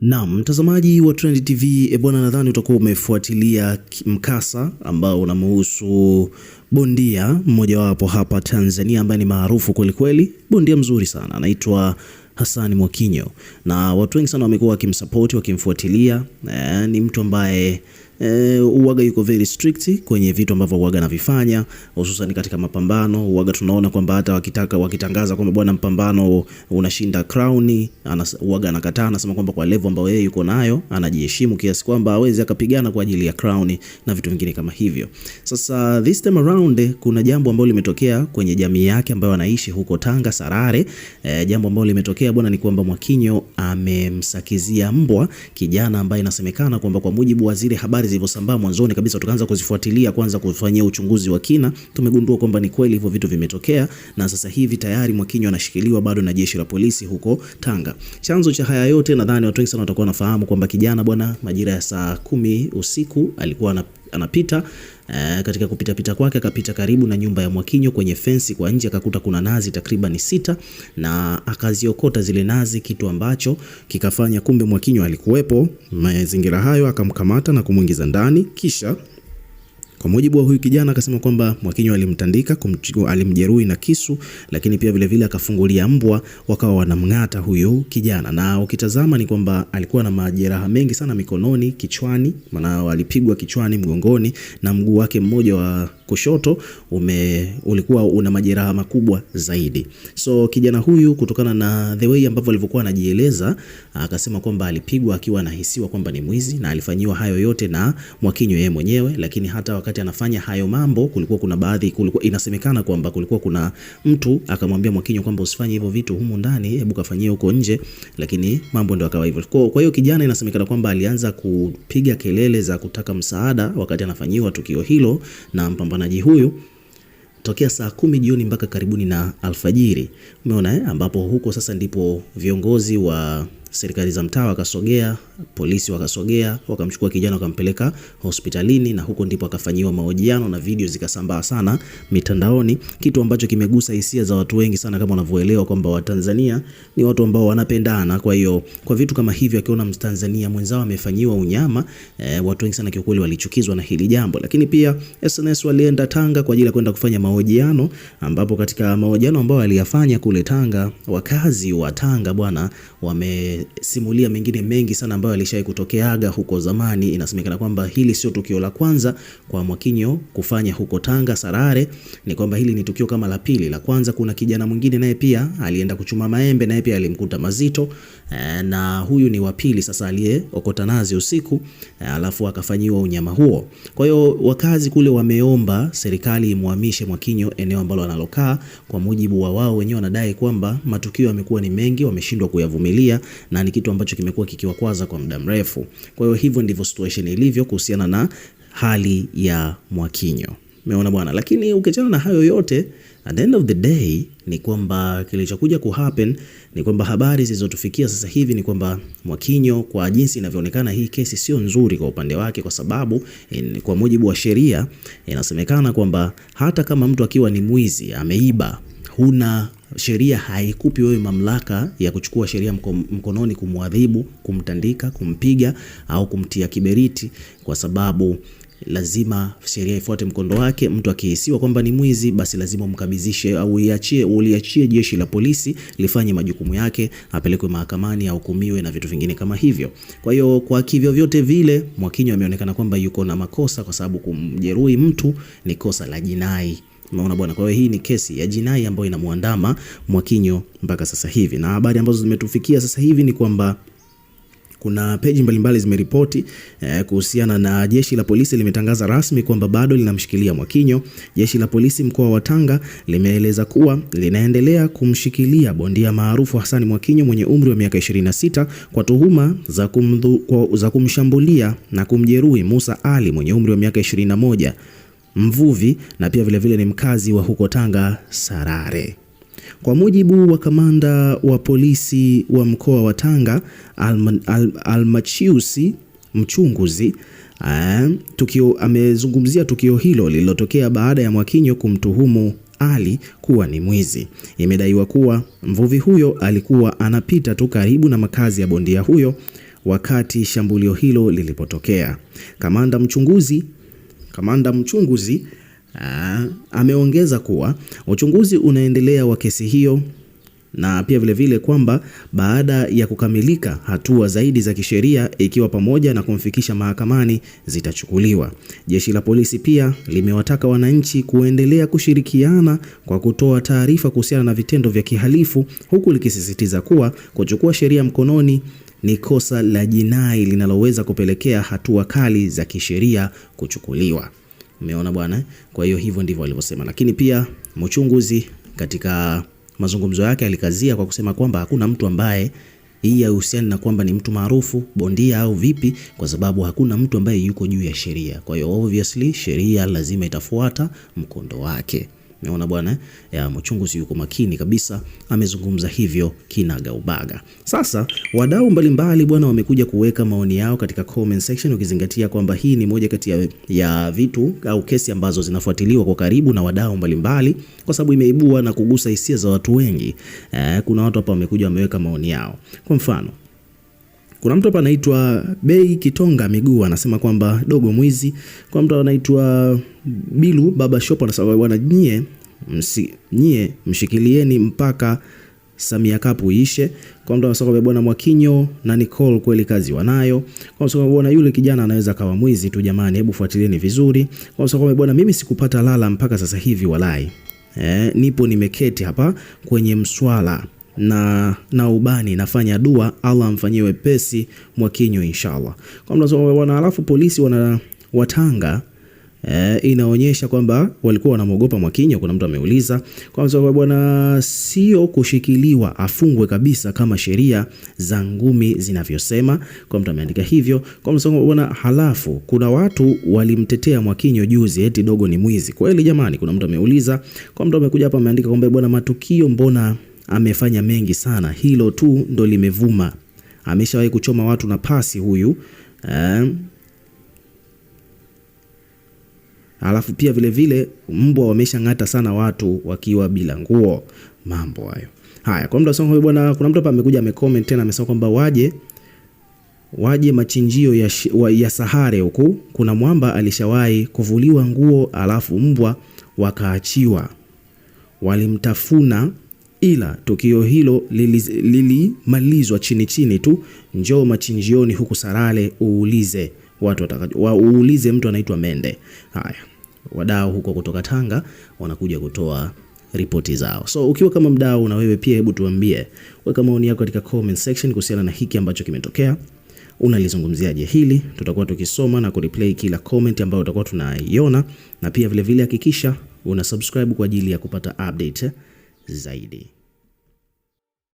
Na mtazamaji wa Trend TV e eh, bwana, nadhani utakuwa umefuatilia mkasa ambao unamhusu bondia mmojawapo hapa Tanzania ambaye ni maarufu kweli kweli, bondia mzuri sana anaitwa Hassan Mwakinyo, na watu wengi sana wamekuwa wakimsapoti wakimfuatilia. E, ni mtu ambaye e, uwaga yuko very strict kwenye vitu ambavyo uwaga anavifanya hususan katika mapambano. Uwaga tunaona kwamba hata wakitaka wakitangaza kwamba bwana, mpambano unashinda crown, uwaga anakataa, anasema kwamba kwa level ambayo yeye yuko nayo anajiheshimu kiasi kwamba hawezi akapigana kwa ajili ya crown na vitu vingine kama hivyo. Sasa this time around kuna jambo ambalo limetokea kwenye jamii yake ambayo anaishi huko Tanga Sarare. E, jambo ambalo limetokea bwana ni kwamba Mwakinyo amemsakizia mbwa kijana ambaye inasemekana kwamba kwa mujibu wa zile habari habari zilivyosambaa mwanzoni kabisa, tukaanza kuzifuatilia kwanza, kufanyia uchunguzi wa kina, tumegundua kwamba ni kweli hivyo vitu vimetokea, na sasa hivi tayari Mwakinyo anashikiliwa bado na jeshi la polisi huko Tanga. Chanzo cha haya yote, nadhani watu wengi sana watakuwa wanafahamu kwamba kijana bwana, majira ya saa kumi usiku alikuwa na anapita e, katika kupitapita kwake akapita karibu na nyumba ya Mwakinyo kwenye fensi kwa nje akakuta kuna nazi takriban sita na akaziokota zile nazi, kitu ambacho kikafanya kumbe Mwakinyo alikuwepo mazingira hayo, akamkamata na kumwingiza ndani kisha kwa mujibu wa huyu kijana, akasema kwamba Mwakinyo alimtandika, alimjeruhi na kisu, lakini pia vilevile akafungulia mbwa, wakawa wanamng'ata huyu kijana, na ukitazama ni kwamba alikuwa na majeraha mengi sana mikononi, kichwani, maana alipigwa kichwani, mgongoni na mguu wake mmoja wa kushoto ume, ulikuwa una majeraha makubwa zaidi. So kijana huyu kutokana na the way ambavyo alivyokuwa anajieleza akasema kwamba alipigwa akiwa anahisiwa kwamba ni mwizi na alifanyiwa hayo yote na Mwakinyo yeye mwenyewe, lakini hata wakati anafanya hayo mambo kulikuwa kuna baadhi, kulikuwa inasemekana kwamba kulikuwa kuna mtu akamwambia Mwakinyo kwamba usifanye hivyo vitu humu ndani, hebu kafanyie huko nje, lakini mambo ndio akawa hivyo. Kwa hiyo kijana inasemekana kwamba alianza kupiga kelele za kutaka msaada wakati anafanyiwa tukio hilo na mpamba mpambanaji huyu tokea saa kumi jioni mpaka karibuni na alfajiri, umeona eh, ambapo huko sasa ndipo viongozi wa serikali za mtaa wakasogea, polisi wakasogea, wakamchukua kijana wakampeleka hospitalini, na huko ndipo akafanyiwa mahojiano na video zikasambaa sana mitandaoni, kitu ambacho kimegusa hisia za watu wengi sana, kama unavyoelewa kwamba Watanzania ni watu ambao wanapendana. Kwa hiyo kwa vitu kama hivyo, akiona Mtanzania mwenzao amefanyiwa unyama e, watu wengi sana kiukweli walichukizwa na hili jambo, lakini pia SNS walienda Tanga kwa ajili ya kwenda kufanya mahojiano, ambapo katika mahojiano ambao aliyafanya kule Tanga, wakazi wa Tanga bwana wame amesimulia mengine mengi sana ambayo alishawahi kutokeaga huko zamani. Inasemekana kwamba hili sio tukio la kwanza kwa Mwakinyo kufanya huko Tanga Sarare, ni kwamba hili ni tukio kama la pili. La kwanza kuna kijana mwingine naye pia alienda kuchuma maembe, naye pia alimkuta mazito, eh, na huyu ni wa pili sasa aliyeokota nazi usiku, eh, alafu akafanyiwa unyama huo. Kwa hiyo wakazi kule wameomba serikali imuhamishe Mwakinyo eneo ambalo analokaa. Kwa mujibu wa wao wenyewe, wanadai kwamba matukio yamekuwa ni mengi, wameshindwa kuyavumilia na ni kitu ambacho kimekuwa kikiwakwaza kwa muda mrefu. Kwa hiyo hivyo ndivyo situation ilivyo kuhusiana na hali ya Mwakinyo. Umeona bwana, lakini ukiachana na hayo yote, at the end of the day ni kwamba kilichokuja ku happen ni kwamba habari zilizotufikia sasa hivi ni kwamba Mwakinyo, kwa jinsi inavyoonekana, hii kesi sio nzuri kwa upande wake, kwa sababu eh, in, kwa mujibu wa sheria inasemekana kwamba hata kama mtu akiwa ni mwizi ameiba huna sheria haikupi wewe mamlaka ya kuchukua sheria mkononi kumwadhibu, kumtandika, kumpiga au kumtia kiberiti, kwa sababu lazima sheria ifuate mkondo wake. Mtu akihisiwa kwamba ni mwizi, basi lazima umkabizishe au uiachie, uliachie jeshi la polisi lifanye majukumu yake, apelekwe mahakamani, ahukumiwe na vitu vingine kama hivyo. Kwa hiyo, kwa kivyo vyote vile, Mwakinyo ameonekana kwamba yuko na makosa, kwa sababu kumjeruhi mtu ni kosa la jinai. Maona bwana, kwa hiyo hii ni kesi ya jinai ambayo inamwandama Mwakinyo mpaka sasa hivi, na habari ambazo zimetufikia sasa hivi ni kwamba kuna peji mbalimbali zimeripoti eh, kuhusiana na jeshi la polisi limetangaza rasmi kwamba bado linamshikilia Mwakinyo. Jeshi la polisi mkoa wa Tanga limeeleza kuwa linaendelea kumshikilia bondia maarufu Hassan Mwakinyo mwenye umri wa miaka 26 kwa tuhuma za, kumdhu, kwa, za kumshambulia na kumjeruhi Musa Ali mwenye umri wa miaka 21 mvuvi na pia vilevile ni mkazi wa huko Tanga Sarare. Kwa mujibu wa kamanda wa polisi wa mkoa wa Tanga Almachiusi al, al Mchunguzi A, eh, tukio amezungumzia tukio hilo lililotokea baada ya Mwakinyo kumtuhumu Ali kuwa ni mwizi. Imedaiwa kuwa mvuvi huyo alikuwa anapita tu karibu na makazi ya bondia huyo wakati shambulio hilo lilipotokea. Kamanda Mchunguzi Kamanda mchunguzi uh, ameongeza kuwa uchunguzi unaendelea wa kesi hiyo na pia vilevile vile kwamba baada ya kukamilika hatua zaidi za kisheria ikiwa pamoja na kumfikisha mahakamani zitachukuliwa. Jeshi la polisi pia limewataka wananchi kuendelea kushirikiana kwa kutoa taarifa kuhusiana na vitendo vya kihalifu, huku likisisitiza kuwa kuchukua sheria mkononi ni kosa la jinai linaloweza kupelekea hatua kali za kisheria kuchukuliwa. Umeona bwana. Kwa hiyo hivyo ndivyo walivyosema, lakini pia mchunguzi katika mazungumzo yake alikazia kwa kusema kwamba hakuna mtu ambaye hii ahusiani na kwamba ni mtu maarufu bondia au vipi, kwa sababu hakuna mtu ambaye yuko juu ya sheria. Kwa hiyo obviously sheria lazima itafuata mkondo wake. Umeona bwana eh? Mchunguzi yuko makini kabisa, amezungumza hivyo kinaga ubaga. Sasa wadau mbalimbali bwana wamekuja kuweka maoni yao katika comment section, ukizingatia kwamba hii ni moja kati ya, ya vitu au kesi ambazo zinafuatiliwa kwa karibu na wadau mbalimbali, kwa sababu imeibua na kugusa hisia za watu wengi eh. Kuna watu hapa wamekuja wameweka maoni yao, kwa mfano kuna mtu hapa anaitwa Bei Kitonga Miguu anasema kwamba dogo mwizi. Kuna mtu anaitwa Bilu Baba Shop anasema bwana, nyie msi nyie mshikilieni mpaka Samia Cup uishe. Kwa mtu anasema bwana Mwakinyo na Nicole kweli kazi wanayo. Kwa mtu bwana yule kijana anaweza kawa mwizi tu jamani, hebu fuatilieni vizuri. Kwa mtu bwana mimi sikupata lala mpaka sasa hivi walai. Eh, nipo nimeketi hapa kwenye mswala na, na ubani nafanya dua Allah amfanyie wepesi Mwakinyo inshallah. Kwa mnazo alafu polisi wana watanga E, inaonyesha kwamba walikuwa wanamwogopa Mwakinyo. Kuna mtu ameuliza kwa bwana, sio kushikiliwa, afungwe kabisa kama sheria za ngumi zinavyosema. Kwa mtu ameandika hivyo kwa bwana. Halafu kuna watu walimtetea Mwakinyo juzi, eti dogo ni mwizi. Kweli jamani? Kuna mtu ameuliza. Kwa mtu amekuja hapa ameandika kwamba bwana, matukio mbona amefanya mengi sana, hilo tu ndo limevuma. Ameshawahi kuchoma watu na pasi huyu eh. Alafu pia vilevile mbwa wameshang'ata sana watu wakiwa bila nguo, mambo hayo haya. Kwa muda songo bwana, kuna mtu hapa amekuja amecomment tena amesema kwamba waje waje machinjio ya, sh, wa, ya Sahare huku kuna mwamba alishawahi kuvuliwa nguo alafu mbwa wakaachiwa walimtafuna ila tukio hilo lilimalizwa lili chini chini tu. Njoo machinjioni huku Sarale uulize watu wa uulize mtu anaitwa Mende. Haya, wadau huko kutoka Tanga wanakuja kutoa ripoti zao. So ukiwa kama mdau na wewe pia, hebu tuambie, weka maoni yako katika comment section kuhusiana na hiki ambacho kimetokea. Unalizungumziaje hili? Tutakuwa tukisoma na kureplay kila comment ambayo utakuwa tunaiona, na pia vilevile hakikisha vile una subscribe kwa ajili ya kupata update zaidi.